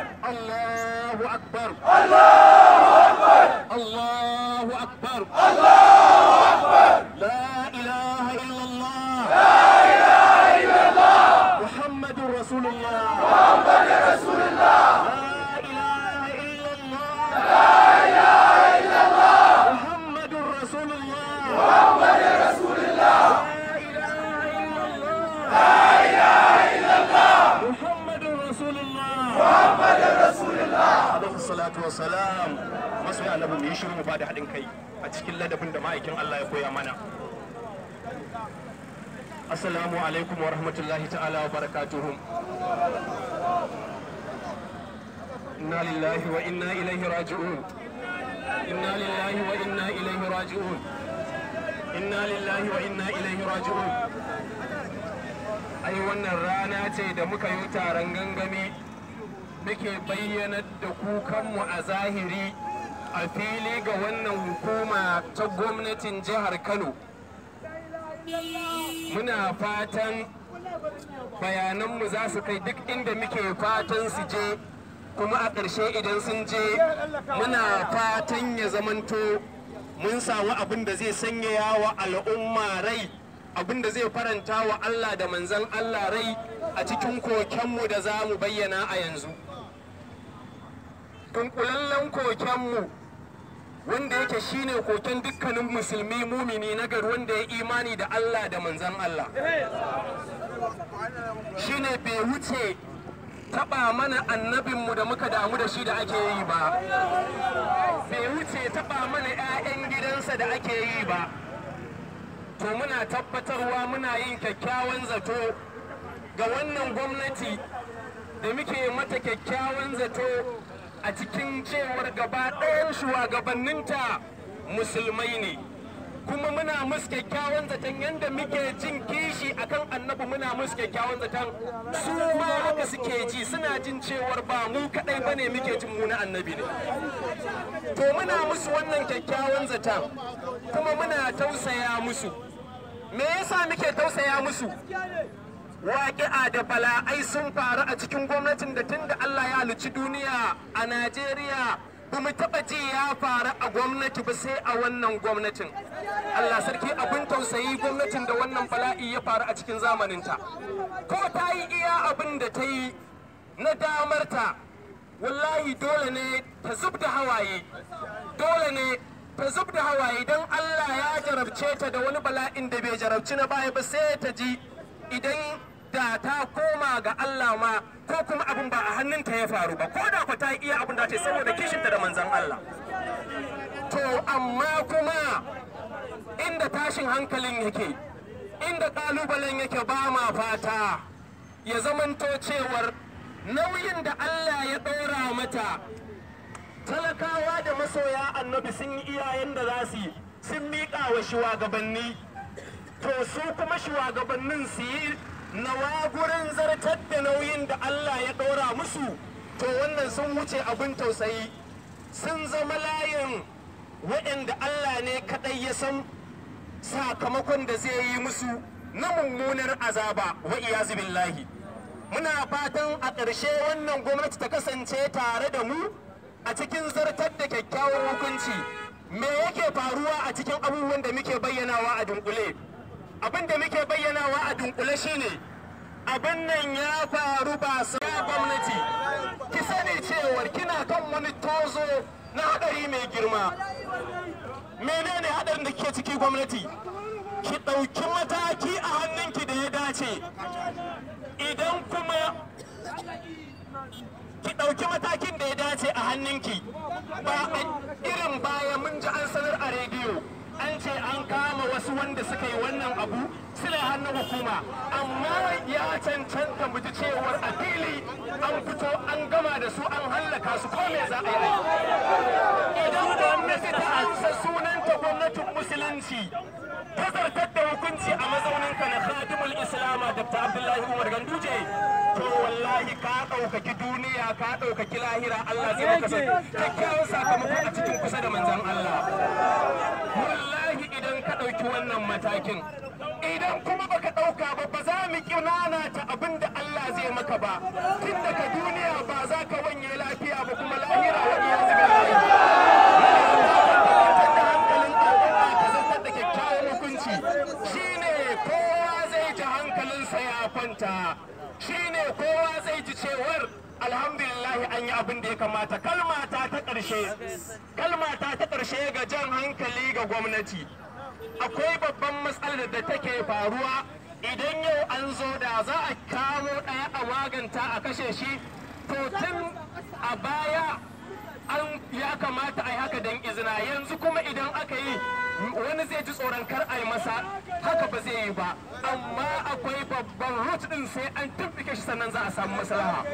الله أكبر الله أكبر الله أكبر الله أكبر لا إله إلا الله لا إله إلا الله محمد رسول الله محمد رسول الله ba da haɗin kai a cikin ladabin da ma'aikin Allah ya koya mana assalamu alaikum wa rahmatullahi ta'ala wa barakatuhu inna lillahi wa inna ilaihi raji'un inna lillahi wa inna ilaihi raji'un inna lillahi wa inna ilaihi raji'un ai wannan rana ce da muka yi taron gangami muke bayyana da kukanmu a zahiri a fili ga wannan hukuma ta gwamnatin jihar kano muna fatan bayananmu za su kai duk inda muke fatan su je kuma a ƙarshe idan sun je muna fatan ya zamanto mun samu abin da zai sanyaya wa al'umma rai abin da zai faranta wa allah da manzan allah rai a cikin kokenmu da za mu bayyana a yanzu dunkulallen kokenmu wanda yake shine koken dukkanin musulmi mumini na gar wanda ya imani da Allah da manzan Allah shine bai wuce taba mana annabinmu da muka damu da shi da ake yi ba bai wuce taba mana 'ya'yan gidansa da ake yi ba to muna tabbatarwa muna yin kyakkyawan zato ga wannan gwamnati da muke mata kyakkyawan zato a cikin cewar gaba ɗayan shugabanninta musulmai ne kuma muna musu kyakkyawan zaton yadda muke jin kishi akan annabi muna musu kyakkyawan zaton su ma haka suke ji suna jin cewar ba mu kaɗai ba ne muke jin mu annabi ne to muna musu wannan kyakkyawan zaton kuma muna tausaya musu me yasa muke tausaya musu waƙi'a da bala'ai sun faru a cikin gwamnatin da tun da Allah ya halicci duniya a Najeriya ba mu taɓa ji ya faru a gwamnati ba sai a wannan gwamnatin. Allah sarki abin tausayi gwamnatin da wannan bala'i ya faru a cikin zamaninta. Ko ta yi iya abin da ta yi na damarta wallahi dole ne ta zub da hawaye dole ne ta zub da hawaye don Allah ya jarabce ta da wani bala'in da bai jarabci na baya ba sai ta ji idan da ta koma ga Allah ma ko kuma abin ba a hannunta ya faru ba ko da ku ta iya abin da ta saboda kishinta da manzan Allah to amma kuma inda tashin hankalin yake inda kalubalen yake ba ma fata ya zamanto cewar nauyin da Allah ya ɗora mata talakawa da masoya annabi sun yi iyayen da za su yi sun miƙa wa shugabanni to su kuma shugabannin su yi Na wagurin zartar da nauyin da Allah ya ɗora musu to wannan sun wuce abin tausayi sun zama layin waɗanda Allah ne kaɗai ya san sakamakon da zai yi musu na mummunar azaba wa iyazu billahi muna fatan a ƙarshe wannan gwamnati ta kasance tare da mu a cikin zartar da kyakkyawar hukunci me yake faruwa a cikin abubuwan da muke bayyanawa a dunkule abin da muke bayyanawa a dunkule shine abin nan ya faru ba sa gwamnati ki sani cewar kina kan wani tozo na hadari mai girma menene hadarin da ke ciki gwamnati ki ɗauki mataki a hannunki da ya dace idan kuma ki ɗauki matakin da ya dace a hannunki ba irin baya mun ji an sanar a rediyo an ce an kama wasu wanda suka yi wannan abu suna hannun hukuma amma ya cancanta mu ji cewar a fili an fito an gama da su an hallaka su ko me za a yi idan gwamnati ta amsa sunanta gwamnatin musulunci ta zartar da hukunci a mazaunin ka na khadimul islama dr abdullahi umar ganduje to wallahi ka ɗaukaki duniya ka ɗaukaki lahira allah zai maka kyakkyawan sakamako a cikin kusa wannan matakin idan kuma baka ɗauka ba ba za mu ƙinana ta abin da Allah zai maka ba tun daga duniya ba za ka wanye lafiya ba kuma lahira wani ya zuga shine kowa zai ji cewar alhamdulillahi an yi abin da ya kamata kalma ta ta kalma ta ta ƙarshe ga jan hankali ga gwamnati akwai babban matsalar da take faruwa idan yau an zo da za a kawo ɗaya a waganta a kashe shi to tun a baya an ya kamata a yi haka don izina yanzu kuma idan aka yi wani zai ji tsoron kar a yi masa haka ba zai yi ba amma akwai babban root din sai an tuffike shi sannan za a samu maslaha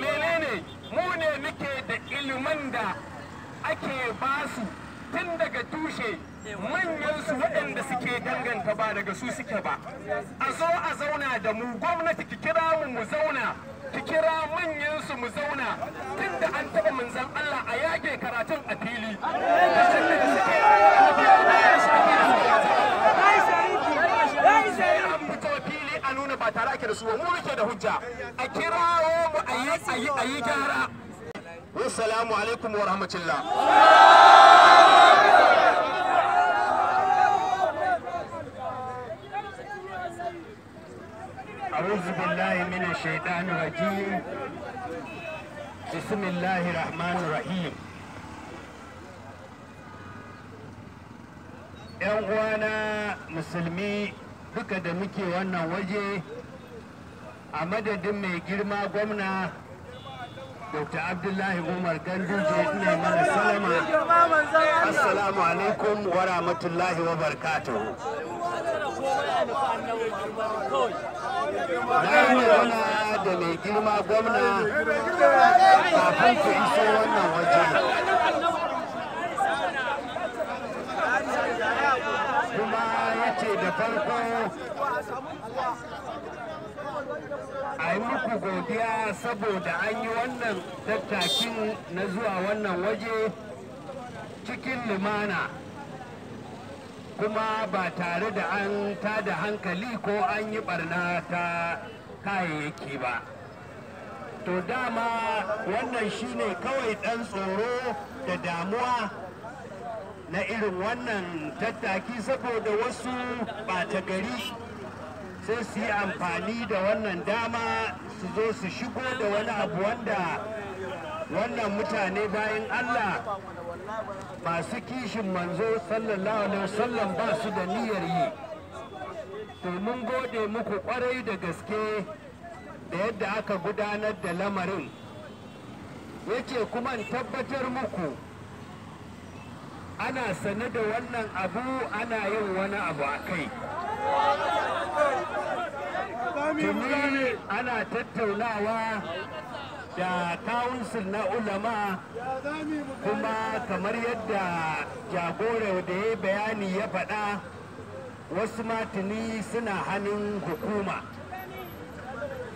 menene mu ne muke da ilimin da ake basu tun daga tushe Manyansu waɗanda suke danganta ba daga su suke ba a zo a zauna da mu gwamnati ki kira mu mu zauna ki kira manyan mu zauna tunda an taɓa manzan Allah a yage karatun a fili a nuna ba tare ake da su ba mu muke da hujja a kirawo mu a yi gyara wassalamu alaikum wa rahmatullah أعوذ بالله من الشيطان الرجيم بسم الله الرحمن الرحيم ‘Yan uwana musulmi duka da muke wannan waje a madadin mai girma gwamna Dr. Abdullahi Umar Ganduje ne mana salama. Assalamu alaikum wa rahmatullahi wa barakatuhu. na yi magana da mai girma gwamna kafin ku iso wannan waje kuma ya ce da farko a yi muku godiya saboda an yi wannan tattakin na zuwa wannan waje cikin lumana kuma ba tare da an ta da hankali ko an yi barna ta kayayyaki ba to dama wannan shine kawai ɗan tsoro da damuwa na irin wannan tattaki saboda wasu ɓata gari sai su yi amfani da wannan dama su zo su shigo da wani abu wanda wannan mutane bayan allah masu kishin manzo sallallahu alaihi wasallam ba su da niyyar yi to mun gode muku kwarai da gaske da yadda aka gudanar da lamarin yace kuma tabbatar muku ana sane da wannan abu ana yin wani abu a kai tuni ana tattaunawa da kawunsul na ulama kuma kamar yadda jagora da ya bayani ya faɗa wasu matini suna hannun hukuma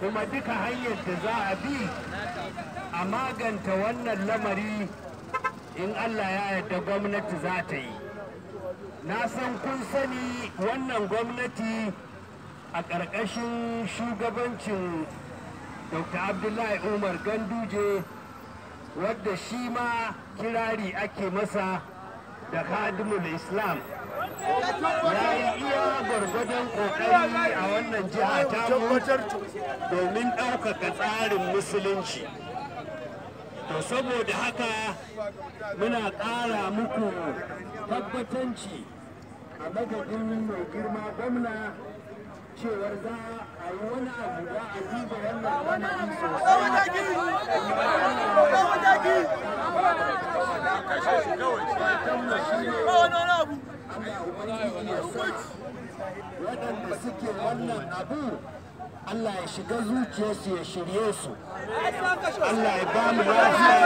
kuma duka hanyar da za a bi a maganta wannan lamari in allah ya yarda gwamnati za ta yi na san kun sani wannan gwamnati a ƙarƙashin shugabancin dr abdullahi umar ganduje wadda shi ma kirari ake masa da khadimul islam ya yi iya gwargwadon kokari a wannan jiha ta domin ɗaukaka tsarin musulunci to saboda haka muna ƙara muku tabbatanci a madadin mai girma gwamna cewar za a yi wani abu za a duba wannan lamari sosai. Waɗanda suke wannan abu Allah ya shiga zuciyarsu ya shirye su. Allah ya ba mu lafiya,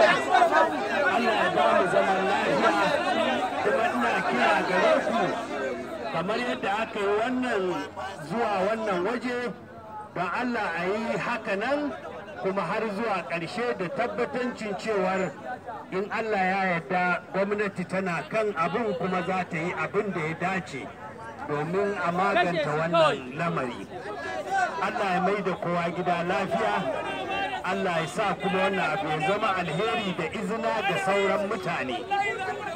Allah ya ba mu zaman lafiya, kuma ina kira gare ku kamar yadda aka yi wannan zuwa wannan waje don allah a yi haka nan kuma har zuwa ƙarshe da tabbatancin cewar in allah ya yarda gwamnati tana kan abin kuma za ta yi abin da ya dace domin a maganta wannan lamari allah ya mai da kowa gida lafiya allah ya sa kuma wannan abu ya zama alheri da izina ga sauran mutane